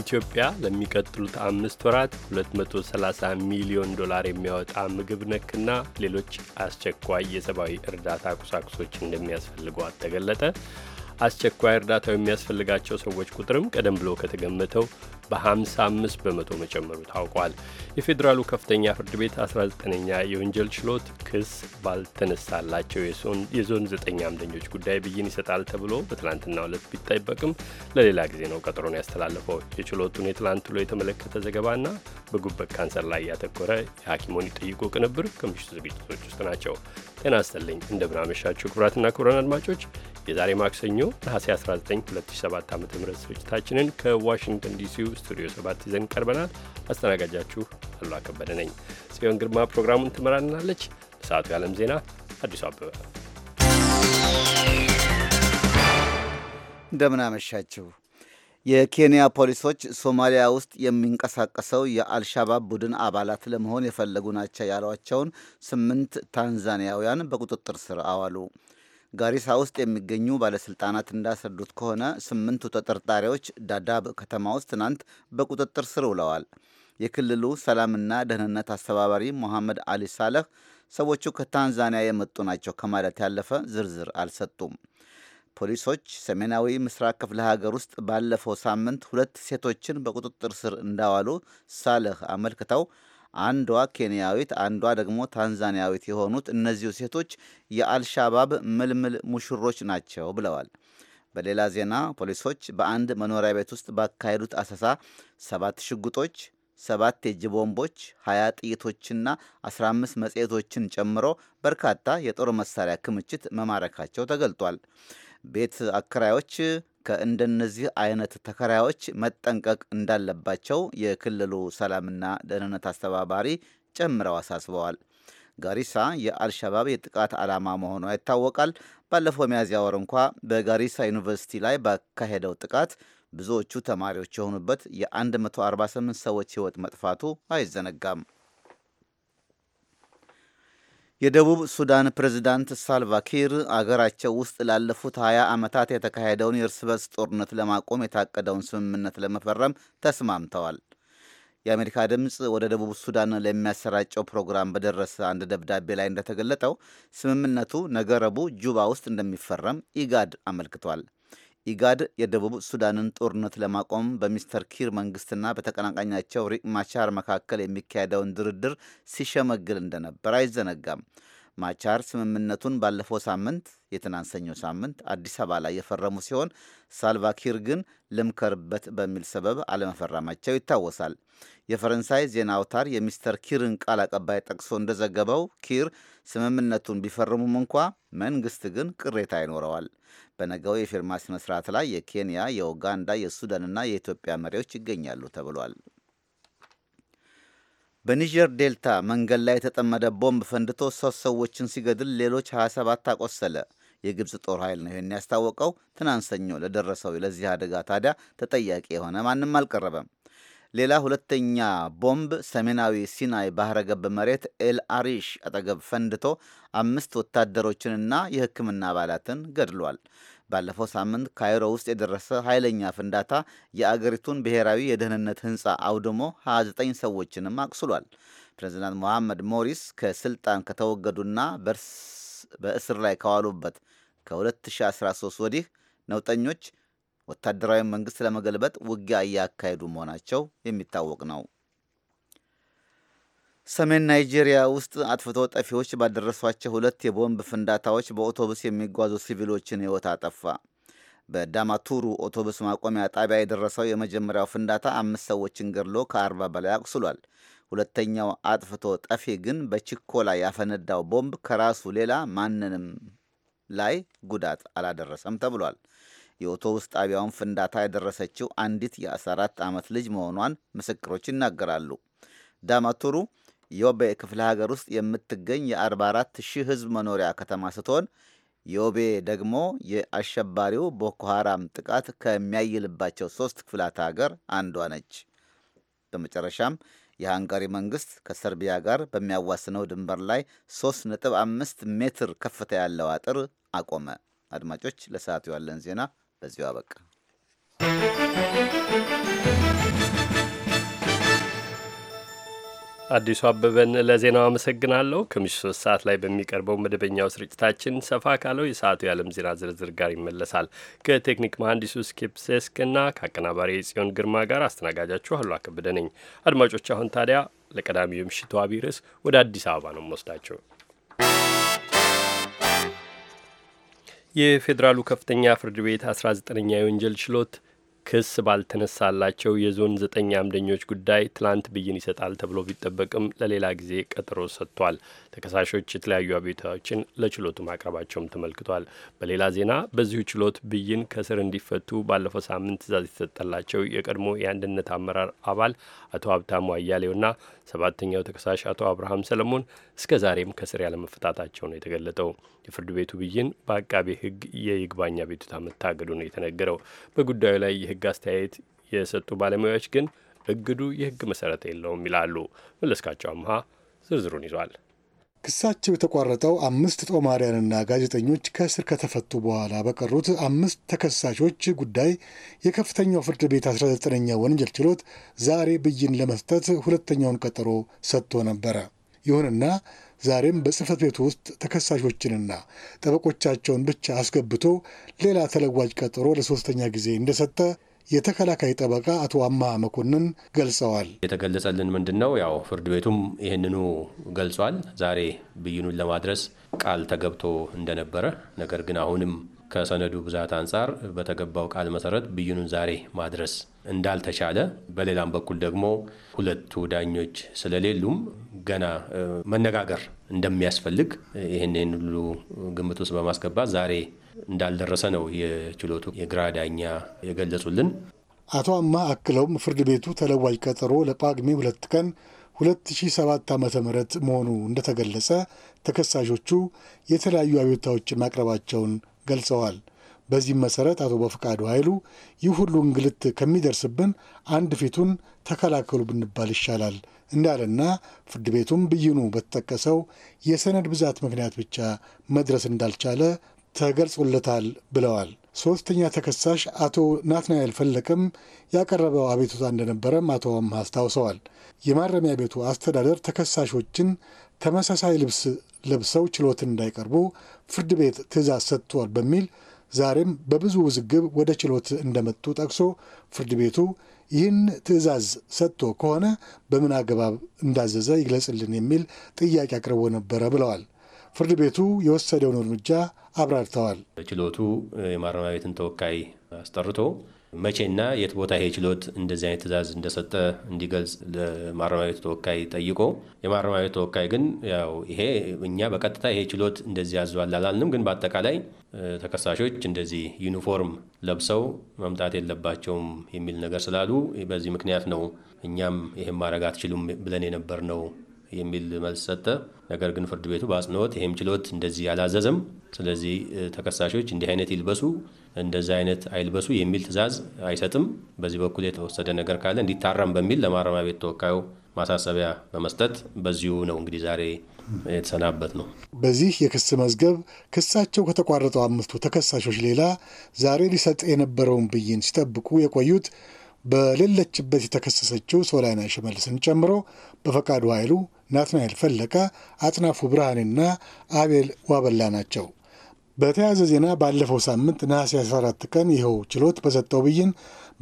ኢትዮጵያ ለሚቀጥሉት አምስት ወራት 230 ሚሊዮን ዶላር የሚያወጣ ምግብ ነክና ሌሎች አስቸኳይ የሰብአዊ እርዳታ ቁሳቁሶች እንደሚያስፈልጓት ተገለጠ። አስቸኳይ እርዳታው የሚያስፈልጋቸው ሰዎች ቁጥርም ቀደም ብሎ ከተገመተው በ55 በመቶ መጨመሩ ታውቋል። የፌዴራሉ ከፍተኛ ፍርድ ቤት 19ኛ የወንጀል ችሎት ክስ ባልተነሳላቸው የዞን 9 አምደኞች ጉዳይ ብይን ይሰጣል ተብሎ በትላንትና ዕለት ቢጠበቅም ለሌላ ጊዜ ነው ቀጠሮን ያስተላለፈው። የችሎቱን የትላንት ውሎ የተመለከተ ዘገባና በጉበት ካንሰር ላይ ያተኮረ የሐኪሞን ይጠይቁ ቅንብር ከምሽቱ ዝግጅቶች ውስጥ ናቸው። ጤና ይስጥልኝ እንደምናመሻችሁ ክቡራትና ክቡራን አድማጮች የዛሬ ማክሰኞ ነሐሴ 19 2007 ዓ ም ስርጭታችንን ከዋሽንግተን ዲሲው ስቱዲዮ 7 ይዘን ቀርበናል። አስተናጋጃችሁ አሉላ ከበደ ነኝ። ጽዮን ግርማ ፕሮግራሙን ትመራናለች። ለሰዓቱ የዓለም ዜና አዲሱ አበበ። እንደምን አመሻችሁ። የኬንያ ፖሊሶች ሶማሊያ ውስጥ የሚንቀሳቀሰው የአልሻባብ ቡድን አባላት ለመሆን የፈለጉ ናቸው ያሏቸውን ስምንት ታንዛኒያውያን በቁጥጥር ስር አዋሉ። ጋሪሳ ውስጥ የሚገኙ ባለስልጣናት እንዳስረዱት ከሆነ ስምንቱ ተጠርጣሪዎች ዳዳብ ከተማ ውስጥ ትናንት በቁጥጥር ስር ውለዋል። የክልሉ ሰላምና ደህንነት አስተባባሪ ሞሐመድ አሊ ሳለህ ሰዎቹ ከታንዛኒያ የመጡ ናቸው ከማለት ያለፈ ዝርዝር አልሰጡም። ፖሊሶች ሰሜናዊ ምስራቅ ክፍለ ሀገር ውስጥ ባለፈው ሳምንት ሁለት ሴቶችን በቁጥጥር ስር እንዳዋሉ ሳልህ አመልክተው አንዷ ኬንያዊት፣ አንዷ ደግሞ ታንዛኒያዊት የሆኑት እነዚሁ ሴቶች የአልሻባብ ምልምል ሙሽሮች ናቸው ብለዋል። በሌላ ዜና ፖሊሶች በአንድ መኖሪያ ቤት ውስጥ ባካሄዱት አሰሳ ሰባት ሽጉጦች፣ ሰባት የእጅ ቦምቦች፣ ሀያ ጥይቶችና 15 መጽሔቶችን ጨምሮ በርካታ የጦር መሳሪያ ክምችት መማረካቸው ተገልጧል። ቤት አከራዮች ከእንደነዚህ አይነት ተከራዮች መጠንቀቅ እንዳለባቸው የክልሉ ሰላምና ደህንነት አስተባባሪ ጨምረው አሳስበዋል። ጋሪሳ የአልሸባብ የጥቃት ዓላማ መሆኗ ይታወቃል። ባለፈው ሚያዝያ ወር እንኳ በጋሪሳ ዩኒቨርሲቲ ላይ ባካሄደው ጥቃት ብዙዎቹ ተማሪዎች የሆኑበት የ148 ሰዎች ሕይወት መጥፋቱ አይዘነጋም። የደቡብ ሱዳን ፕሬዝዳንት ሳልቫኪር አገራቸው ውስጥ ላለፉት 20 ዓመታት የተካሄደውን የእርስ በርስ ጦርነት ለማቆም የታቀደውን ስምምነት ለመፈረም ተስማምተዋል። የአሜሪካ ድምፅ ወደ ደቡብ ሱዳን ለሚያሰራጨው ፕሮግራም በደረሰ አንድ ደብዳቤ ላይ እንደተገለጠው ስምምነቱ ነገ ረቡዕ ጁባ ውስጥ እንደሚፈረም ኢጋድ አመልክቷል። ኢጋድ የደቡብ ሱዳንን ጦርነት ለማቆም በሚስተር ኪር መንግስትና በተቀናቃኛቸው ሪቅ ማቻር መካከል የሚካሄደውን ድርድር ሲሸመግል እንደነበር አይዘነጋም። ማቻር ስምምነቱን ባለፈው ሳምንት የትናንት ሰኞ ሳምንት አዲስ አበባ ላይ የፈረሙ ሲሆን ሳልቫኪር ግን ልምከርበት በሚል ሰበብ አለመፈረማቸው ይታወሳል። የፈረንሳይ ዜና አውታር የሚስተር ኪርን ቃል አቀባይ ጠቅሶ እንደዘገበው ኪር ስምምነቱን ቢፈርሙም እንኳ መንግስት ግን ቅሬታ ይኖረዋል። በነገው የፊርማ ስነ ስርዓት ላይ የኬንያ፣ የኡጋንዳ፣ የሱዳንና የኢትዮጵያ መሪዎች ይገኛሉ ተብሏል። በኒጀር ዴልታ መንገድ ላይ የተጠመደ ቦምብ ፈንድቶ ሶስት ሰዎችን ሲገድል ሌሎች 27 አቆሰለ። የግብፅ ጦር ኃይል ነው ይህን ያስታወቀው። ትናንት ሰኞ ለደረሰው ለዚህ አደጋ ታዲያ ተጠያቂ የሆነ ማንም አልቀረበም። ሌላ ሁለተኛ ቦምብ ሰሜናዊ ሲናይ ባህረ ገብ መሬት ኤል አሪሽ አጠገብ ፈንድቶ አምስት ወታደሮችንና የሕክምና አባላትን ገድሏል። ባለፈው ሳምንት ካይሮ ውስጥ የደረሰ ኃይለኛ ፍንዳታ የአገሪቱን ብሔራዊ የደህንነት ህንፃ አውድሞ 29 ሰዎችንም አቁስሏል። ፕሬዚዳንት ሞሐመድ ሞሪስ ከስልጣን ከተወገዱና በእስር ላይ ከዋሉበት ከ2013 ወዲህ ነውጠኞች ወታደራዊ መንግስት ለመገልበጥ ውጊያ እያካሄዱ መሆናቸው የሚታወቅ ነው። ሰሜን ናይጄሪያ ውስጥ አጥፍቶ ጠፊዎች ባደረሷቸው ሁለት የቦምብ ፍንዳታዎች በአውቶቡስ የሚጓዙ ሲቪሎችን ሕይወት አጠፋ። በዳማቱሩ አውቶቡስ ማቆሚያ ጣቢያ የደረሰው የመጀመሪያው ፍንዳታ አምስት ሰዎችን ገድሎ ከአርባ በላይ አቁስሏል። ሁለተኛው አጥፍቶ ጠፊ ግን በችኮላ ያፈነዳው ቦምብ ከራሱ ሌላ ማንንም ላይ ጉዳት አላደረሰም ተብሏል። የአውቶቡስ ጣቢያውን ፍንዳታ የደረሰችው አንዲት የ14 ዓመት ልጅ መሆኗን ምስክሮች ይናገራሉ። ዳማቱሩ ዮቤ ክፍለ ሀገር ውስጥ የምትገኝ የ44 ሺህ ህዝብ መኖሪያ ከተማ ስትሆን ዮቤ ደግሞ የአሸባሪው ቦኮ ጥቃት ከሚያይልባቸው ሶስት ክፍላት ሀገር አንዷ ነች። በመጨረሻም የሃንጋሪ መንግስት ከሰርቢያ ጋር በሚያዋስነው ድንበር ላይ 3.5 ሜትር ከፍታ ያለው አጥር አቆመ። አድማጮች፣ ለሰዓቱ ያለን ዜና በዚሁ አበቃ። አዲሱ አበበን ለዜናው አመሰግናለሁ። ከምሽቱ ሶስት ሰዓት ላይ በሚቀርበው መደበኛው ስርጭታችን ሰፋ ካለው የሰዓቱ የዓለም ዜና ዝርዝር ጋር ይመለሳል። ከቴክኒክ መሐንዲሱ ስኬፕሴስክና ከአቀናባሪ የጽዮን ግርማ ጋር አስተናጋጃችሁ አሉ አከብደ ነኝ። አድማጮች አሁን ታዲያ ለቀዳሚው የምሽቱ አብይ ርዕስ ወደ አዲስ አበባ ነው የምወስዳቸው። የፌዴራሉ ከፍተኛ ፍርድ ቤት 19ኛ የወንጀል ችሎት ክስ ባልተነሳላቸው የዞን ዘጠኝ አምደኞች ጉዳይ ትላንት ብይን ይሰጣል ተብሎ ቢጠበቅም ለሌላ ጊዜ ቀጠሮ ሰጥቷል። ተከሳሾች የተለያዩ አቤቱታዎችን ለችሎቱ ማቅረባቸውም ተመልክቷል። በሌላ ዜና በዚሁ ችሎት ብይን ከስር እንዲፈቱ ባለፈው ሳምንት ትእዛዝ የተሰጠላቸው የቀድሞ የአንድነት አመራር አባል አቶ ሀብታሙ አያሌውና ሰባተኛው ተከሳሽ አቶ አብርሃም ሰለሞን እስከ ዛሬም ከስር ያለመፈታታቸው ነው የተገለጠው። የፍርድ ቤቱ ብይን በአቃቤ ሕግ የይግባኝ አቤቱታ መታገዱ ነው የተነገረው። በጉዳዩ ላይ የሕግ አስተያየት የሰጡ ባለሙያዎች ግን እግዱ የሕግ መሰረት የለውም ይላሉ። መለስካቸው አምሃ ዝርዝሩን ይዟል። ክሳቸው የተቋረጠው አምስት ጦማሪያንና ጋዜጠኞች ከእስር ከተፈቱ በኋላ በቀሩት አምስት ተከሳሾች ጉዳይ የከፍተኛው ፍርድ ቤት 19ኛ ወንጀል ችሎት ዛሬ ብይን ለመስጠት ሁለተኛውን ቀጠሮ ሰጥቶ ነበረ። ይሁንና ዛሬም በጽህፈት ቤቱ ውስጥ ተከሳሾችንና ጠበቆቻቸውን ብቻ አስገብቶ ሌላ ተለዋጭ ቀጠሮ ለሶስተኛ ጊዜ እንደሰጠ የተከላካይ ጠበቃ አቶ አማ መኮንን ገልጸዋል። የተገለጸልን ምንድን ነው ያው ፍርድ ቤቱም ይህንኑ ገልጿል። ዛሬ ብይኑን ለማድረስ ቃል ተገብቶ እንደነበረ ነገር ግን አሁንም ከሰነዱ ብዛት አንጻር በተገባው ቃል መሰረት ብይኑን ዛሬ ማድረስ እንዳልተቻለ በሌላም በኩል ደግሞ ሁለቱ ዳኞች ስለሌሉም ገና መነጋገር እንደሚያስፈልግ ይህን ሁሉ ግምት ውስጥ በማስገባት ዛሬ እንዳልደረሰ ነው የችሎቱ የግራ ዳኛ የገለጹልን። አቶ አማ አክለውም ፍርድ ቤቱ ተለዋጅ ቀጠሮ ለጳግሜ ሁለት ቀን 2007 ዓ ም መሆኑ እንደተገለጸ ተከሳሾቹ የተለያዩ አቤቱታዎችን ማቅረባቸውን ገልጸዋል። በዚህም መሰረት አቶ በፍቃዱ ኃይሉ ይህ ሁሉ እንግልት ከሚደርስብን አንድ ፊቱን ተከላከሉ ብንባል ይሻላል እንዳለና ፍርድ ቤቱም ብይኑ በተጠቀሰው የሰነድ ብዛት ምክንያት ብቻ መድረስ እንዳልቻለ ተገልጾለታል ብለዋል። ሶስተኛ ተከሳሽ አቶ ናትናኤል ፈለቀም ያቀረበው አቤቱታ እንደነበረም አቶ አምሃ አስታውሰዋል። የማረሚያ ቤቱ አስተዳደር ተከሳሾችን ተመሳሳይ ልብስ ለብሰው ችሎት እንዳይቀርቡ ፍርድ ቤት ትዕዛዝ ሰጥቷል በሚል ዛሬም በብዙ ውዝግብ ወደ ችሎት እንደመጡ ጠቅሶ ፍርድ ቤቱ ይህን ትዕዛዝ ሰጥቶ ከሆነ በምን አገባብ እንዳዘዘ ይግለጽልን የሚል ጥያቄ አቅርቦ ነበረ ብለዋል። ፍርድ ቤቱ የወሰደውን እርምጃ አብራርተዋል። ችሎቱ የማረሚያ ቤትን ተወካይ አስጠርቶ መቼና የት ቦታ ይሄ ችሎት እንደዚህ አይነት ትእዛዝ እንደሰጠ እንዲገልጽ ለማረሚያ ቤቱ ተወካይ ጠይቆ የማረሚያ ቤቱ ተወካይ ግን ያው ይሄ እኛ በቀጥታ ይሄ ችሎት እንደዚህ አዟል አላልንም፣ ግን በአጠቃላይ ተከሳሾች እንደዚህ ዩኒፎርም ለብሰው መምጣት የለባቸውም የሚል ነገር ስላሉ በዚህ ምክንያት ነው እኛም ይህም ማድረግ አትችሉም ብለን የነበር ነው የሚል መልስ ሰጠ። ነገር ግን ፍርድ ቤቱ በአጽንኦት ይህም ችሎት እንደዚህ አላዘዘም፣ ስለዚህ ተከሳሾች እንዲህ አይነት ይልበሱ፣ እንደዚህ አይነት አይልበሱ የሚል ትዕዛዝ አይሰጥም። በዚህ በኩል የተወሰደ ነገር ካለ እንዲታረም በሚል ለማረሚያ ቤት ተወካዩ ማሳሰቢያ በመስጠት በዚሁ ነው እንግዲህ ዛሬ የተሰናበት ነው። በዚህ የክስ መዝገብ ክሳቸው ከተቋረጠው አምስቱ ተከሳሾች ሌላ ዛሬ ሊሰጥ የነበረውን ብይን ሲጠብቁ የቆዩት በሌለችበት የተከሰሰችው ሶላይና ሽመልስን ጨምሮ በፈቃዱ ኃይሉ ናትናኤል ፈለቀ፣ አጥናፉ ብርሃኔና አቤል ዋበላ ናቸው። በተያያዘ ዜና ባለፈው ሳምንት ነሐሴ 14 ቀን ይኸው ችሎት በሰጠው ብይን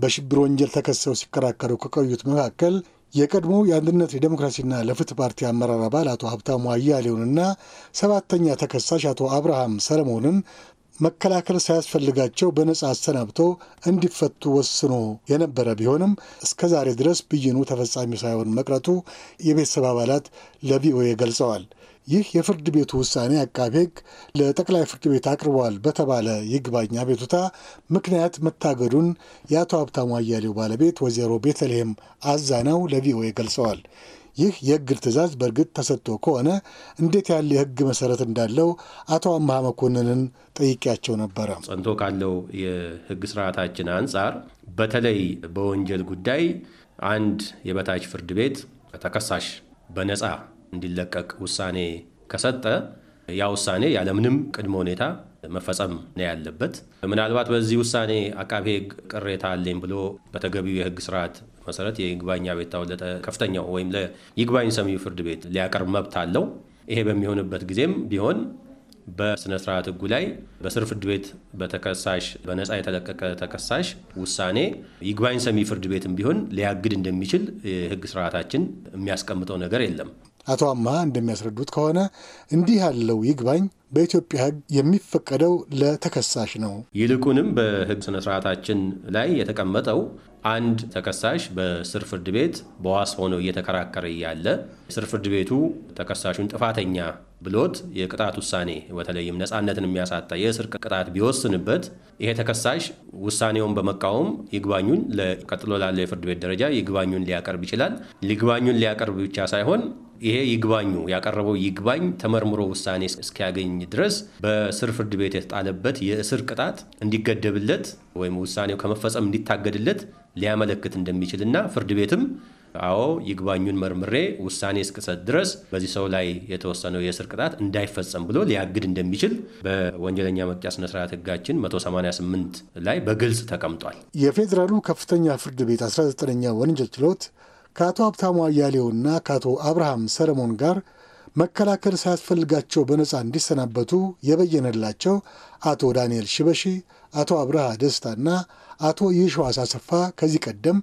በሽብር ወንጀል ተከሰው ሲከራከሩ ከቆዩት መካከል የቀድሞ የአንድነት የዴሞክራሲና ለፍትህ ፓርቲ አመራር አባል አቶ ሀብታሙ አያሌውንና ሰባተኛ ተከሳሽ አቶ አብርሃም ሰለሞንን መከላከል ሳያስፈልጋቸው በነጻ አሰናብቶ እንዲፈቱ ወስኖ የነበረ ቢሆንም እስከ ዛሬ ድረስ ብይኑ ተፈጻሚ ሳይሆን መቅረቱ የቤተሰብ አባላት ለቪኦኤ ገልጸዋል። ይህ የፍርድ ቤቱ ውሳኔ አቃቤ ሕግ ለጠቅላይ ፍርድ ቤት አቅርበዋል በተባለ ይግባኝ አቤቱታ ምክንያት መታገዱን የአቶ ሀብታሙ አያሌው ባለቤት ወይዘሮ ቤተልሔም አዛናው ለቪኦኤ ገልጸዋል። ይህ የእግድ ትዕዛዝ በእርግጥ ተሰጥቶ ከሆነ እንዴት ያለ የህግ መሰረት እንዳለው አቶ አምሃ መኮንንን ጠይቄያቸው ነበረ። ጸንቶ ካለው የህግ ስርዓታችን አንጻር በተለይ በወንጀል ጉዳይ አንድ የበታች ፍርድ ቤት ተከሳሽ በነፃ እንዲለቀቅ ውሳኔ ከሰጠ ያ ውሳኔ ያለምንም ቅድመ ሁኔታ መፈጸም ነው ያለበት። ምናልባት በዚህ ውሳኔ አቃቤ ህግ ቅሬታ አለኝ ብሎ በተገቢው የህግ ስርዓት መሰረት የይግባኝ አቤቱታው ከፍተኛው ወይም ለይግባኝ ሰሚው ፍርድ ቤት ሊያቀርብ መብት አለው። ይሄ በሚሆንበት ጊዜም ቢሆን በስነ ስርዓት ህጉ ላይ በስር ፍርድ ቤት በተከሳሽ በነፃ የተለቀቀ ተከሳሽ ውሳኔ ይግባኝ ሰሚ ፍርድ ቤትም ቢሆን ሊያግድ እንደሚችል የህግ ስርዓታችን የሚያስቀምጠው ነገር የለም። አቶ አማ እንደሚያስረዱት ከሆነ እንዲህ ያለው ይግባኝ በኢትዮጵያ ህግ የሚፈቀደው ለተከሳሽ ነው። ይልቁንም በህግ ስነ ስርዓታችን ላይ የተቀመጠው አንድ ተከሳሽ በስር ፍርድ ቤት በዋስ ሆኖ እየተከራከረ እያለ ስር ፍርድ ቤቱ ተከሳሹን ጥፋተኛ ብሎት የቅጣት ውሳኔ በተለይም ነፃነትን የሚያሳጣ የእስር ቅጣት ቢወስንበት ይሄ ተከሳሽ ውሳኔውን በመቃወም ይግባኙን ቀጥሎ ላለው የፍርድ ቤት ደረጃ ይግባኙን ሊያቀርብ ይችላል። ይግባኙን ሊያቀርብ ብቻ ሳይሆን ይሄ ይግባኙ ያቀረበው ይግባኝ ተመርምሮ ውሳኔ እስኪያገኝ ድረስ በስር ፍርድ ቤት የተጣለበት የእስር ቅጣት እንዲገደብለት ወይም ውሳኔው ከመፈጸም እንዲታገድለት ሊያመለክት እንደሚችልና ፍርድ ቤትም አዎ ይግባኙን መርምሬ ውሳኔ እስክሰጥ ድረስ በዚህ ሰው ላይ የተወሰነው የእስር ቅጣት እንዳይፈጸም ብሎ ሊያግድ እንደሚችል በወንጀለኛ መቅጫ ስነስርዓት ህጋችን 188 ላይ በግልጽ ተቀምጧል። የፌዴራሉ ከፍተኛ ፍርድ ቤት 19ኛ ወንጀል ችሎት ከአቶ ሀብታሙ አያሌውና ከአቶ አብርሃም ሰለሞን ጋር መከላከል ሳያስፈልጋቸው በነፃ እንዲሰናበቱ የበየነላቸው አቶ ዳንኤል ሽበሺ፣ አቶ አብርሃ ደስታና አቶ ይሸዋስ አሰፋ ከዚህ ቀደም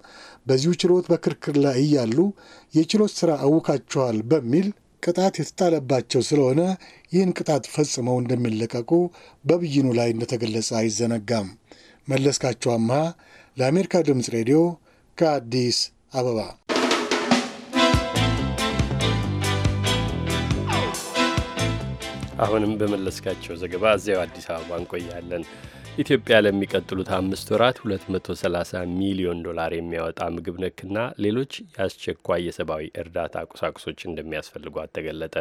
በዚሁ ችሎት በክርክር ላይ እያሉ የችሎት ሥራ አውካችኋል በሚል ቅጣት የተጣለባቸው ስለሆነ ይህን ቅጣት ፈጽመው እንደሚለቀቁ በብይኑ ላይ እንደተገለጸ አይዘነጋም። መለስካቸው አምሃ ለአሜሪካ ድምፅ ሬዲዮ ከአዲስ አበባ አሁንም በመለስካቸው ዘገባ እዚያው አዲስ አበባ እንቆያለን። ኢትዮጵያ ለሚቀጥሉት አምስት ወራት 230 ሚሊዮን ዶላር የሚያወጣ ምግብ ነክና ሌሎች የአስቸኳይ የሰብአዊ እርዳታ ቁሳቁሶች እንደሚያስፈልጓት ተገለጠ።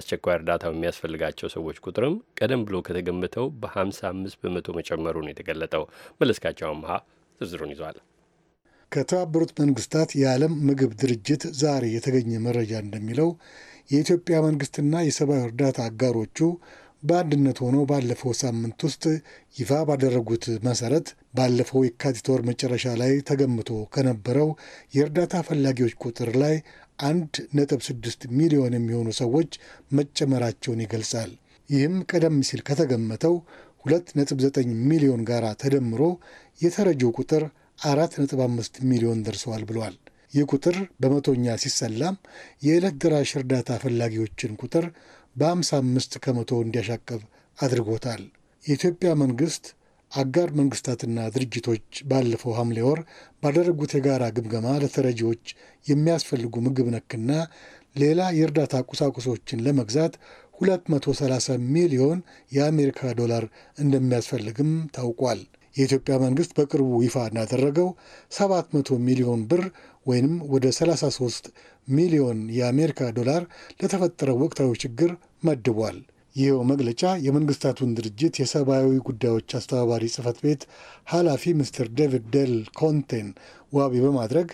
አስቸኳይ እርዳታው የሚያስፈልጋቸው ሰዎች ቁጥርም ቀደም ብሎ ከተገመተው በ55 በመቶ መጨመሩን የተገለጠው መለስካቸው አምሃ ዝርዝሩን ይዟል። ከተባበሩት መንግስታት የዓለም ምግብ ድርጅት ዛሬ የተገኘ መረጃ እንደሚለው የኢትዮጵያ መንግስትና የሰብአዊ እርዳታ አጋሮቹ በአንድነት ሆኖ ባለፈው ሳምንት ውስጥ ይፋ ባደረጉት መሰረት ባለፈው የካቲት ወር መጨረሻ ላይ ተገምቶ ከነበረው የእርዳታ ፈላጊዎች ቁጥር ላይ አንድ ነጥብ ስድስት ሚሊዮን የሚሆኑ ሰዎች መጨመራቸውን ይገልጻል። ይህም ቀደም ሲል ከተገመተው 2.9 ሚሊዮን ጋር ተደምሮ የተረጂው ቁጥር 4.5 ሚሊዮን ደርሰዋል ብሏል። ይህ ቁጥር በመቶኛ ሲሰላም የዕለት ደራሽ እርዳታ ፈላጊዎችን ቁጥር በ55 ከመቶ እንዲያሻቀብ አድርጎታል። የኢትዮጵያ መንግስት አጋር መንግስታትና ድርጅቶች ባለፈው ሐምሌ ወር ባደረጉት የጋራ ግምገማ ለተረጂዎች የሚያስፈልጉ ምግብ ነክና ሌላ የእርዳታ ቁሳቁሶችን ለመግዛት 230 ሚሊዮን የአሜሪካ ዶላር እንደሚያስፈልግም ታውቋል። የኢትዮጵያ መንግስት በቅርቡ ይፋ እንዳደረገው 700 ሚሊዮን ብር ወይንም ወደ 33 ሚሊዮን የአሜሪካ ዶላር ለተፈጠረው ወቅታዊ ችግር መድቧል። ይኸው መግለጫ የመንግስታቱን ድርጅት የሰብአዊ ጉዳዮች አስተባባሪ ጽህፈት ቤት ኃላፊ ሚስተር ዴቪድ ደል ኮንቴን ዋቢ በማድረግ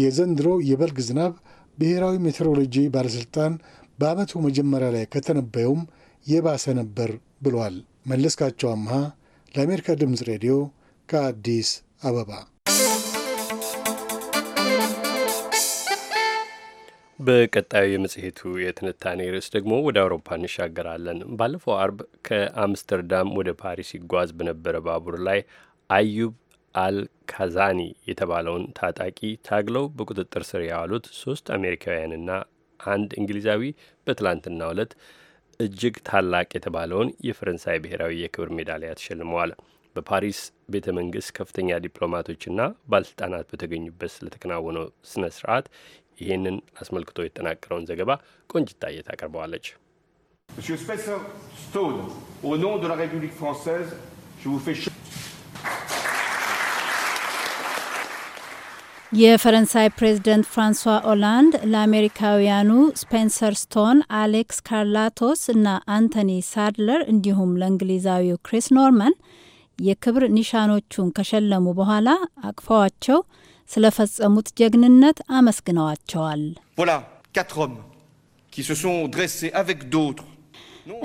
የዘንድሮ የበልግ ዝናብ ብሔራዊ ሜትሮሎጂ ባለሥልጣን በዓመቱ መጀመሪያ ላይ ከተነበየውም የባሰ ነበር ብሏል። መለስካቸው አምሃ ለአሜሪካ ድምፅ ሬዲዮ ከአዲስ አበባ በቀጣዩ የመጽሔቱ የትንታኔ ርዕስ ደግሞ ወደ አውሮፓ እንሻገራለን። ባለፈው አርብ ከአምስተርዳም ወደ ፓሪስ ይጓዝ በነበረ ባቡር ላይ አዩብ አልካዛኒ የተባለውን ታጣቂ ታግለው በቁጥጥር ስር ያዋሉት ሶስት አሜሪካውያንና አንድ እንግሊዛዊ በትላንትናው ዕለት እጅግ ታላቅ የተባለውን የፈረንሳይ ብሔራዊ የክብር ሜዳሊያ ተሸልመዋል። በፓሪስ ቤተ መንግስት ከፍተኛ ዲፕሎማቶችና ባለስልጣናት በተገኙበት ስለተከናወነው ስነ ስርዓት ይህንን አስመልክቶ የተጠናቀረውን ዘገባ ቆንጅታየ ታቀርበዋለች። የፈረንሳይ ፕሬዝደንት ፍራንሷ ኦላንድ ለአሜሪካውያኑ ስፔንሰር ስቶን፣ አሌክስ ካርላቶስ እና አንቶኒ ሳድለር እንዲሁም ለእንግሊዛዊው ክሪስ ኖርማን የክብር ኒሻኖቹን ከሸለሙ በኋላ አቅፈዋቸው ስለፈጸሙት ጀግንነት አመስግነዋቸዋል።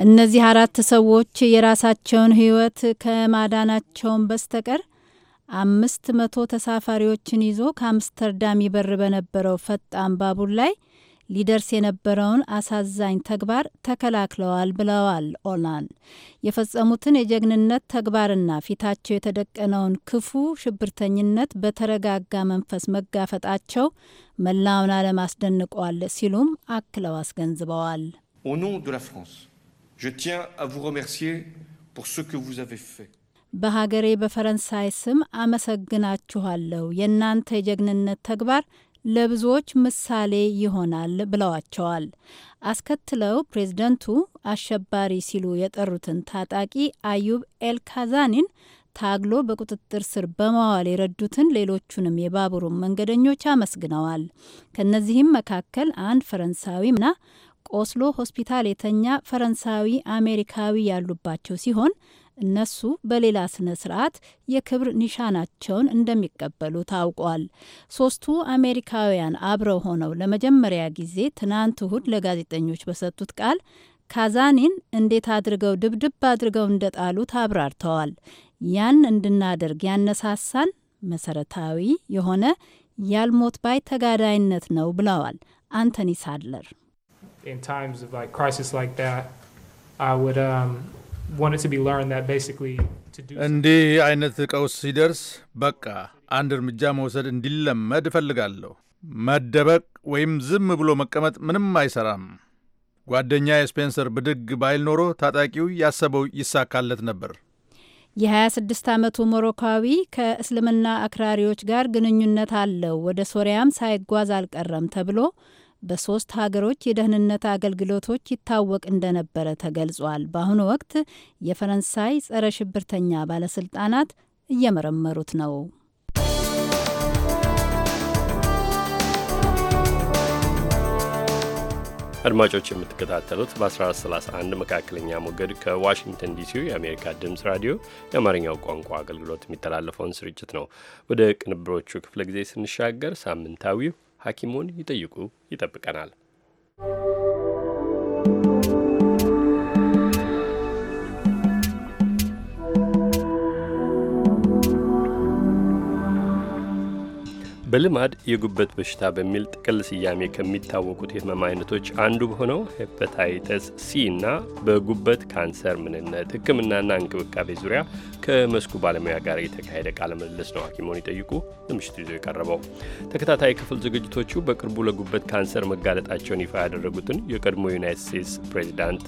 እነዚህ አራት ሰዎች የራሳቸውን ሕይወት ከማዳናቸውን በስተቀር አምስት መቶ ተሳፋሪዎችን ይዞ ከአምስተርዳም ይበር በነበረው ፈጣን ባቡር ላይ ሊደርስ የነበረውን አሳዛኝ ተግባር ተከላክለዋል ብለዋል። ኦላንድ የፈጸሙትን የጀግንነት ተግባርና ፊታቸው የተደቀነውን ክፉ ሽብርተኝነት በተረጋጋ መንፈስ መጋፈጣቸው መላውን ዓለም አስደንቋል ሲሉም አክለው አስገንዝበዋል። በሀገሬ በፈረንሳይ ስም አመሰግናችኋለሁ። የእናንተ የጀግንነት ተግባር ለብዙዎች ምሳሌ ይሆናል ብለዋቸዋል። አስከትለው ፕሬዝደንቱ አሸባሪ ሲሉ የጠሩትን ታጣቂ አዩብ ኤልካዛኒን ታግሎ በቁጥጥር ስር በማዋል የረዱትን ሌሎቹንም የባቡሩን መንገደኞች አመስግነዋል። ከእነዚህም መካከል አንድ ፈረንሳዊና ቆስሎ ሆስፒታል የተኛ ፈረንሳዊ አሜሪካዊ ያሉባቸው ሲሆን እነሱ በሌላ ስነ ስርዓት የክብር ኒሻናቸውን እንደሚቀበሉ ታውቋል። ሶስቱ አሜሪካውያን አብረው ሆነው ለመጀመሪያ ጊዜ ትናንት እሁድ ለጋዜጠኞች በሰጡት ቃል ካዛኒን እንዴት አድርገው ድብድብ አድርገው እንደጣሉት አብራርተዋል። ያን እንድናደርግ ያነሳሳን መሰረታዊ የሆነ ያልሞት ባይ ተጋዳይነት ነው ብለዋል አንቶኒ ሳድለር እንዲህ አይነት ቀውስ ሲደርስ በቃ አንድ እርምጃ መውሰድ እንዲለመድ እፈልጋለሁ። መደበቅ ወይም ዝም ብሎ መቀመጥ ምንም አይሰራም። ጓደኛ የስፔንሰር ብድግ ባይል ኖሮ ታጣቂው ያሰበው ይሳካለት ነበር። የ26 ዓመቱ ሞሮካዊ ከእስልምና አክራሪዎች ጋር ግንኙነት አለው፣ ወደ ሶሪያም ሳይጓዝ አልቀረም ተብሎ በሶስት ሀገሮች የደህንነት አገልግሎቶች ይታወቅ እንደነበረ ተገልጿል። በአሁኑ ወቅት የፈረንሳይ ጸረ ሽብርተኛ ባለስልጣናት እየመረመሩት ነው። አድማጮች የምትከታተሉት በ1431 መካከለኛ ሞገድ ከዋሽንግተን ዲሲው የአሜሪካ ድምፅ ራዲዮ የአማርኛው ቋንቋ አገልግሎት የሚተላለፈውን ስርጭት ነው። ወደ ቅንብሮቹ ክፍለ ጊዜ ስንሻገር ሳምንታዊው ሐኪሙን ይጠይቁ ይጠብቀናል። በልማድ የጉበት በሽታ በሚል ጥቅል ስያሜ ከሚታወቁት የህመም አይነቶች አንዱ በሆነው ሄፐታይተስ ሲ እና በጉበት ካንሰር ምንነት ሕክምናና እንክብካቤ ዙሪያ ከመስኩ ባለሙያ ጋር የተካሄደ ቃለ ምልልስ ነው። ሐኪሞን ይጠይቁ ለምሽቱ ይዞ የቀረበው ተከታታይ ክፍል ዝግጅቶቹ በቅርቡ ለጉበት ካንሰር መጋለጣቸውን ይፋ ያደረጉትን የቀድሞ ዩናይት ስቴትስ ፕሬዚዳንት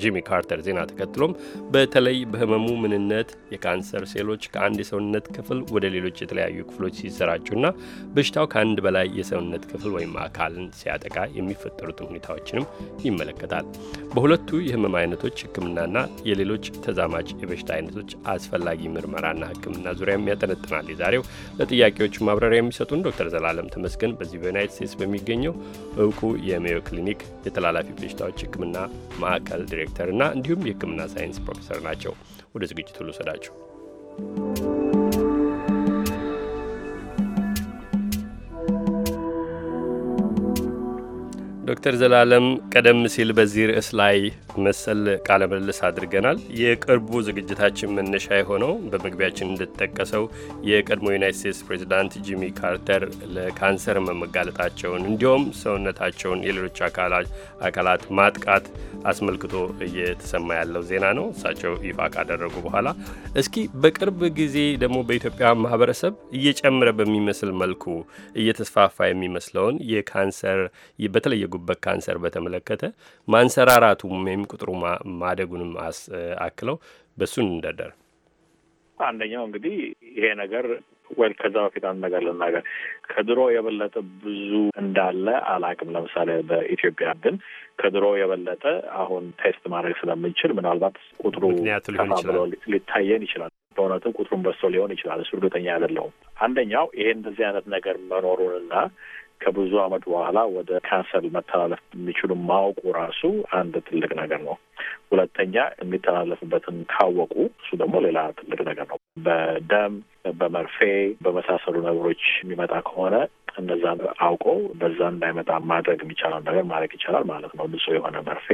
ጂሚ ካርተር ዜና ተከትሎም በተለይ በህመሙ ምንነት የካንሰር ሴሎች ከአንድ የሰውነት ክፍል ወደ ሌሎች የተለያዩ ክፍሎች ሲሰራጩና በሽታው ከአንድ በላይ የሰውነት ክፍል ወይም አካልን ሲያጠቃ የሚፈጠሩትን ሁኔታዎችንም ይመለከታል። በሁለቱ የህመም አይነቶች ህክምናና የሌሎች ተዛማጭ የበሽታ አይነቶች አስፈላጊ ምርመራና ህክምና ዙሪያም ያጠነጥናል። የዛሬው ለጥያቄዎቹ ማብራሪያ የሚሰጡን ዶክተር ዘላለም ተመስገን በዚህ በዩናይት ስቴትስ በሚገኘው እውቁ የሜዮ ክሊኒክ የተላላፊ በሽታዎች ህክምና ማዕከል ዲሬክተርና እንዲሁም የሕክምና ሳይንስ ፕሮፌሰር ናቸው። ወደ ዝግጅቱ ልውሰዳችሁ። ዶክተር ዘላለም ቀደም ሲል በዚህ ርዕስ ላይ መሰል ቃለ ምልልስ አድርገናል። የቅርቡ ዝግጅታችን መነሻ የሆነው በመግቢያችን እንደተጠቀሰው የቀድሞ ዩናይት ስቴትስ ፕሬዚዳንት ጂሚ ካርተር ለካንሰር መመጋለጣቸውን እንዲሁም ሰውነታቸውን የሌሎች አካላት ማጥቃት አስመልክቶ እየተሰማ ያለው ዜና ነው። እሳቸው ይፋ ካደረጉ በኋላ እስኪ በቅርብ ጊዜ ደግሞ በኢትዮጵያ ማህበረሰብ እየጨመረ በሚመስል መልኩ እየተስፋፋ የሚመስለውን የካንሰር በተለየ የጉበት ካንሰር በተመለከተ ማንሰራራቱም ወይም ቁጥሩ ማደጉንም አክለው በሱን እንደደር። አንደኛው እንግዲህ ይሄ ነገር ወይ ከዛ በፊት አንድ ነገር ልናገር፣ ከድሮ የበለጠ ብዙ እንዳለ አላቅም። ለምሳሌ በኢትዮጵያ ግን ከድሮ የበለጠ አሁን ቴስት ማድረግ ስለምንችል ምናልባት ቁጥሩ ብሎ ሊታየን ይችላል። በእውነትም ቁጥሩን በሶ ሊሆን ይችላል። እሱ እርግጠኛ አይደለሁም። አንደኛው ይሄ እንደዚህ አይነት ነገር መኖሩንና ከብዙ አመት በኋላ ወደ ካንሰር መተላለፍ የሚችሉ ማወቁ ራሱ አንድ ትልቅ ነገር ነው። ሁለተኛ የሚተላለፍበትን ካወቁ እሱ ደግሞ ሌላ ትልቅ ነገር ነው። በደም በመርፌ በመሳሰሉ ነገሮች የሚመጣ ከሆነ እነዛን አውቆ በዛ እንዳይመጣ ማድረግ የሚቻለው ነገር ማድረግ ይቻላል ማለት ነው። ንጹህ የሆነ መርፌ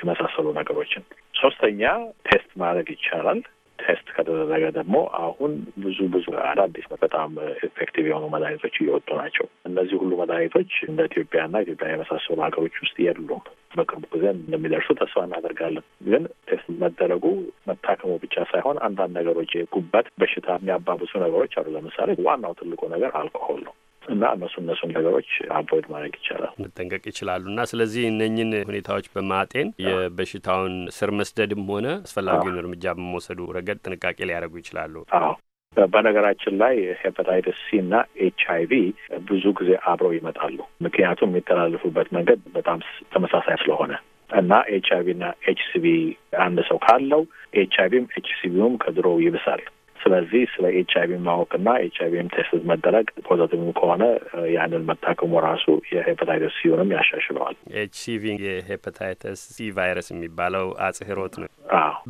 የመሳሰሉ ነገሮችን። ሶስተኛ ቴስት ማድረግ ይቻላል። ቴስት ከተደረገ ደግሞ አሁን ብዙ ብዙ አዳዲስ በጣም ኤፌክቲቭ የሆኑ መድኃኒቶች እየወጡ ናቸው። እነዚህ ሁሉ መድኃኒቶች እንደ ኢትዮጵያና ኢትዮጵያ የመሳሰሉ ሀገሮች ውስጥ የሉም። በቅርቡ ጊዜ እንደሚደርሱ ተስፋ እናደርጋለን። ግን ቴስት መደረጉ መታከሙ ብቻ ሳይሆን አንዳንድ ነገሮች ጉበት በሽታ የሚያባብሱ ነገሮች አሉ። ለምሳሌ ዋናው ትልቁ ነገር አልኮሆል ነው። እና እነሱ እነሱን ነገሮች አቮይድ ማድረግ ይቻላል፣ መጠንቀቅ ይችላሉ። እና ስለዚህ እነኝን ሁኔታዎች በማጤን የበሽታውን ስር መስደድም ሆነ አስፈላጊውን እርምጃ በመውሰዱ ረገድ ጥንቃቄ ሊያደርጉ ይችላሉ። አዎ። በነገራችን ላይ ሄፓታይተስ ሲ እና ኤች አይ ቪ ብዙ ጊዜ አብረው ይመጣሉ። ምክንያቱም የሚተላለፉበት መንገድ በጣም ተመሳሳይ ስለሆነ እና ኤች አይ ቪ እና ኤች ሲቪ አንድ ሰው ካለው ኤች አይ ቪም ኤች ሲቪውም ከድሮው ይብሳል። ስለዚህ ስለ ኤች አይቪ ማወቅና ኤች አይቪም ቴስት መደረግ ፖዘቲቭም ከሆነ ያንን መታከሙ ራሱ የሄፓታይተስ ሲሆንም ያሻሽለዋል። ኤች ሲቪ የሄፓታይተስ ሲ ቫይረስ የሚባለው አጽህሮት ነው።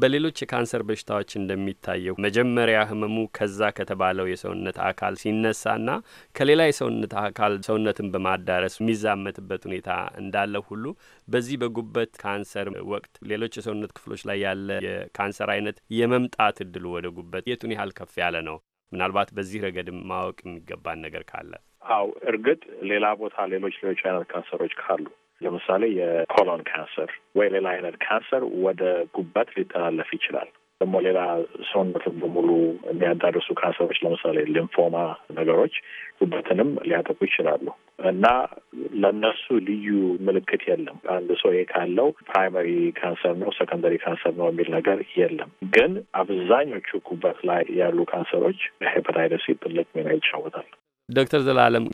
በሌሎች የካንሰር በሽታዎች እንደሚታየው መጀመሪያ ህመሙ ከዛ ከተባለው የሰውነት አካል ሲነሳና ከሌላ የሰውነት አካል ሰውነትን በማዳረስ የሚዛመትበት ሁኔታ እንዳለ ሁሉ በዚህ በጉበት ካንሰር ወቅት ሌሎች የሰውነት ክፍሎች ላይ ያለ የካንሰር አይነት የመምጣት እድሉ ወደ ጉበት የቱን ያህል ከፍ ያለ ነው። ምናልባት በዚህ ረገድም ማወቅ የሚገባን ነገር ካለ አው እርግጥ ሌላ ቦታ ሌሎች ሌሎች አይነት ካንሰሮች ካሉ ለምሳሌ የኮሎን ካንሰር ወይ ሌላ አይነት ካንሰር ወደ ጉበት ሊተላለፍ ይችላል። ደግሞ ሌላ ሰውነትን በሙሉ የሚያዳርሱ ካንሰሮች ለምሳሌ ሊንፎማ ነገሮች ጉበትንም ሊያጠቁ ይችላሉ እና ለእነሱ ልዩ ምልክት የለም። አንድ ሰው ይሄ ካለው ፕራይመሪ ካንሰር ነው፣ ሰከንደሪ ካንሰር ነው የሚል ነገር የለም። ግን አብዛኞቹ ጉበት ላይ ያሉ ካንሰሮች ሄፐታይተስ ትልቅ ሚና ይጫወታል። ዶክተር ዘላለም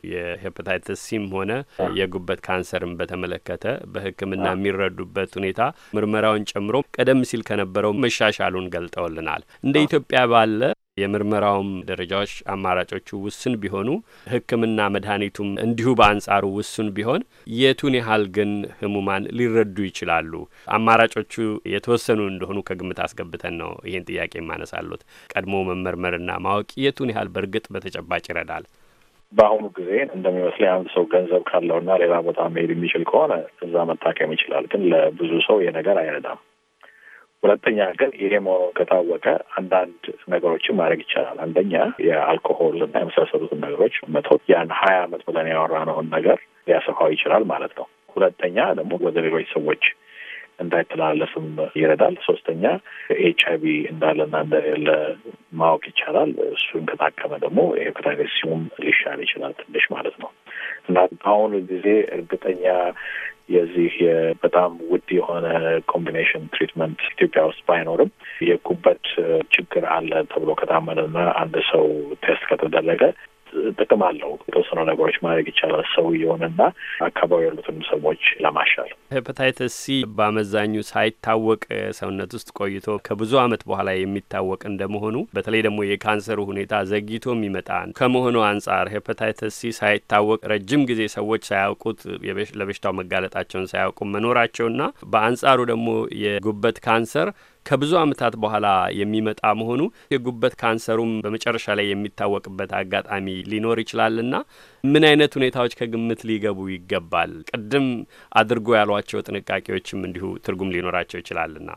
ሲም ሆነ የጉበት ካንሰርን በተመለከተ በሕክምና የሚረዱበት ሁኔታ ምርመራውን ጨምሮ ቀደም ሲል ከነበረው መሻሻሉን ገልጠውልናል። እንደ ኢትዮጵያ ባለ የምርመራውም ደረጃዎች አማራጮቹ ውስን ቢሆኑ ሕክምና መድኃኒቱም እንዲሁ በአንጻሩ ውሱን ቢሆን የቱን ያህል ግን ህሙማን ሊረዱ ይችላሉ? አማራጮቹ የተወሰኑ እንደሆኑ ከግምት አስገብተን ነው ይህን ጥያቄ የማነሳሉት። ቀድሞ መመርመርና ማወቅ የቱን ያህል በእርግጥ በተጨባጭ ይረዳል? በአሁኑ ጊዜ እንደሚመስለኝ አንድ ሰው ገንዘብ ካለውና ሌላ ቦታ መሄድ የሚችል ከሆነ እዛ መታከም ይችላል። ግን ለብዙ ሰው ይሄ ነገር አይረዳም። ሁለተኛ ግን ይሄ መሆኑን ከታወቀ አንዳንድ ነገሮችን ማድረግ ይቻላል። አንደኛ የአልኮሆል እና የመሳሰሉትን ነገሮች መተው፣ ያን ሀያ አመት ብለን ያወራነውን ነገር ሊያሰፋው ይችላል ማለት ነው። ሁለተኛ ደግሞ ወደ ሌሎች ሰዎች እንዳይተላለፍም ይረዳል። ሶስተኛ ኤች አይቪ እንዳለና እንደሌለ ማወቅ ይቻላል። እሱን ከታከመ ደግሞ ሄፓታይተስ ሲሁም ሊሻል ይችላል ትንሽ ማለት ነው እና በአሁኑ ጊዜ እርግጠኛ የዚህ በጣም ውድ የሆነ ኮምቢኔሽን ትሪትመንት ኢትዮጵያ ውስጥ ባይኖርም የጉበት ችግር አለ ተብሎ ከታመነና አንድ ሰው ቴስት ከተደረገ ጥቅም አለው። የተወሰኑ ነገሮች ማድረግ ይቻላል ሰውየውን እና አካባቢ ያሉትን ሰዎች ለማሻል። ሄፐታይተስ ሲ በአመዛኙ ሳይታወቅ ሰውነት ውስጥ ቆይቶ ከብዙ አመት በኋላ የሚታወቅ እንደመሆኑ በተለይ ደግሞ የካንሰሩ ሁኔታ ዘግይቶ የሚመጣ ከመሆኑ አንጻር ሄፐታይተስ ሲ ሳይታወቅ ረጅም ጊዜ ሰዎች ሳያውቁት ለበሽታው መጋለጣቸውን ሳያውቁ መኖራቸውና በአንጻሩ ደግሞ የጉበት ካንሰር ከብዙ ዓመታት በኋላ የሚመጣ መሆኑ የጉበት ካንሰሩም በመጨረሻ ላይ የሚታወቅበት አጋጣሚ ሊኖር ይችላልና ምን አይነት ሁኔታዎች ከግምት ሊገቡ ይገባል? ቅድም አድርጎ ያሏቸው ጥንቃቄዎችም እንዲሁ ትርጉም ሊኖራቸው ይችላልና።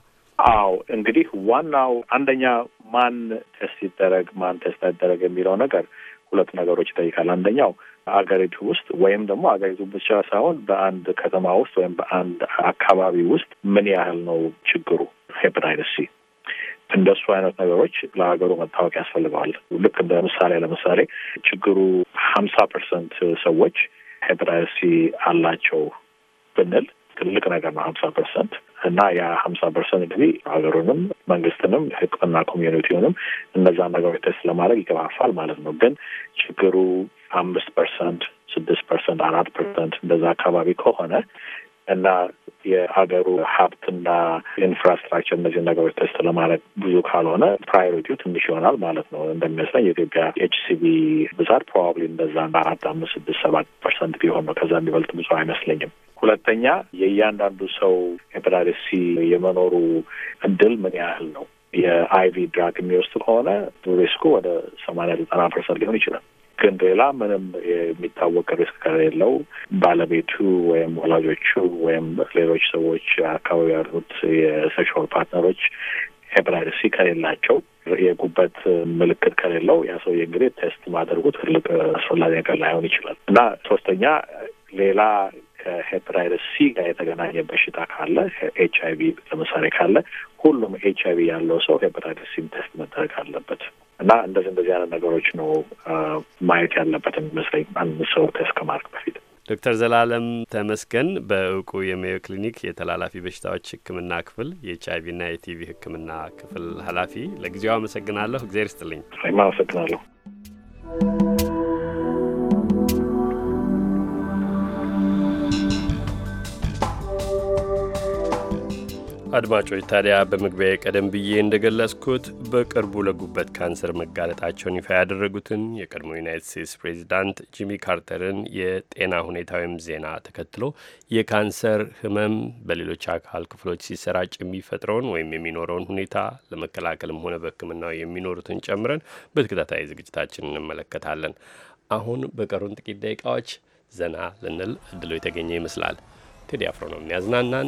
አዎ እንግዲህ ዋናው አንደኛ ማን ቴስት ይደረግ ማን ቴስት አይደረግ የሚለው ነገር ሁለት ነገሮች ይጠይቃል። አንደኛው አገሪቱ ውስጥ ወይም ደግሞ አገሪቱ ብቻ ሳይሆን በአንድ ከተማ ውስጥ ወይም በአንድ አካባቢ ውስጥ ምን ያህል ነው ችግሩ ሄፐታይተስ ሲ እንደሱ አይነት ነገሮች ለሀገሩ መታወቅ ያስፈልገዋል። ልክ እንደ ምሳሌ ለምሳሌ ችግሩ ሀምሳ ፐርሰንት ሰዎች ሄፐታይተስ ሲ አላቸው ብንል ትልቅ ነገር ነው። ሀምሳ ፐርሰንት እና ያ ሀምሳ ፐርሰንት እንግዲህ ሀገሩንም መንግስትንም ሕክምና ኮሚዩኒቲውንም እነዛ ነገሮች ቴስት ለማድረግ ይገፋፋል ማለት ነው። ግን ችግሩ አምስት ፐርሰንት ስድስት ፐርሰንት አራት ፐርሰንት እንደዛ አካባቢ ከሆነ እና የሀገሩ ሀብትና ኢንፍራስትራክቸር እነዚህ ነገሮች ተስት ለማድረግ ብዙ ካልሆነ ፕራዮሪቲው ትንሽ ይሆናል ማለት ነው። እንደሚመስለኝ የኢትዮጵያ ኤችሲቪ ብዛት ፕሮባብሊ እንደዛ አራት አምስት ስድስት ሰባት ፐርሰንት ቢሆን ነው። ከዛ የሚበልጥ ብዙ አይመስለኝም። ሁለተኛ የእያንዳንዱ ሰው ሄፓታይተስ ሲ የመኖሩ እድል ምን ያህል ነው? የአይቪ ድራግ የሚወስድ ከሆነ ሪስኩ ወደ ሰማንያ ዘጠና ፐርሰንት ሊሆን ይችላል። ግን ሌላ ምንም የሚታወቅ ሪስክ ከሌለው ባለቤቱ ወይም ወላጆቹ ወይም ሌሎች ሰዎች አካባቢ ያሉት የሴክሹዋል ፓርትነሮች ሄፓታይተስ ሲ ከሌላቸው የጉበት ምልክት ከሌለው ያ ሰውዬ እንግዲህ ቴስት ማድረጉ ትልቅ አስፈላጊ ነገር ላይሆን ይችላል እና ሶስተኛ ሌላ ከሄፓታይተስ ሲ ጋር የተገናኘ በሽታ ካለ ኤች አይ ቪ ለምሳሌ ካለ ሁሉም ኤች አይ ቪ ያለው ሰው ሄፓታይተስ ሲም ቴስት መደረግ አለበት። እና እንደዚህ እንደዚህ አይነት ነገሮች ነው ማየት ያለበት የሚመስለኝ አንድ ሰው ቴስት ከማድረግ በፊት። ዶክተር ዘላለም ተመስገን በእውቁ የሜዮ ክሊኒክ የተላላፊ በሽታዎች ሕክምና ክፍል የኤች አይ ና የቲቪ ሕክምና ክፍል ኃላፊ፣ ለጊዜው አመሰግናለሁ። እግዜር ይስጥልኝ። አመሰግናለሁ። አድማጮች ታዲያ በመግቢያ ቀደም ብዬ እንደገለጽኩት በቅርቡ ለጉበት ካንሰር መጋለጣቸውን ይፋ ያደረጉትን የቀድሞ ዩናይት ስቴትስ ፕሬዚዳንት ጂሚ ካርተርን የጤና ሁኔታ ወይም ዜና ተከትሎ የካንሰር ሕመም በሌሎች አካል ክፍሎች ሲሰራጭ የሚፈጥረውን ወይም የሚኖረውን ሁኔታ ለመከላከልም ሆነ በሕክምናው የሚኖሩትን ጨምረን በተከታታይ ዝግጅታችን እንመለከታለን። አሁን በቀሩን ጥቂት ደቂቃዎች ዘና ልንል እድሎ የተገኘ ይመስላል። ቴዲ አፍሮ ነው የሚያዝናናን።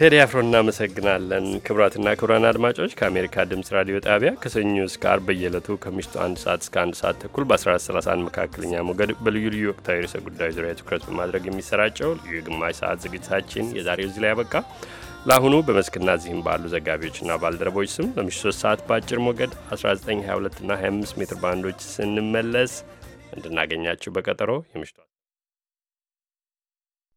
ቴዲ አፍሮ እናመሰግናለን። ክቡራትና ክቡራን አድማጮች ከአሜሪካ ድምፅ ራዲዮ ጣቢያ ከሰኞ እስከ አርብ በየዕለቱ ከምሽቱ አንድ ሰዓት እስከ አንድ ሰዓት ተኩል በ1431 መካከለኛ ሞገድ በልዩ ልዩ ወቅታዊ ርዕሰ ጉዳዮች ዙሪያ ትኩረት በማድረግ የሚሰራጨው ልዩ የግማሽ ሰዓት ዝግጅታችን የዛሬው እዚህ ላይ ያበቃ። ለአሁኑ በመስክና እዚህም ባሉ ዘጋቢዎችና ባልደረቦች ስም በምሽቱ 3 ሰዓት በአጭር ሞገድ 1922 22 22ና 25 ሜትር ባንዶች ስንመለስ እንድናገኛችሁ በቀጠሮ የምሽቷል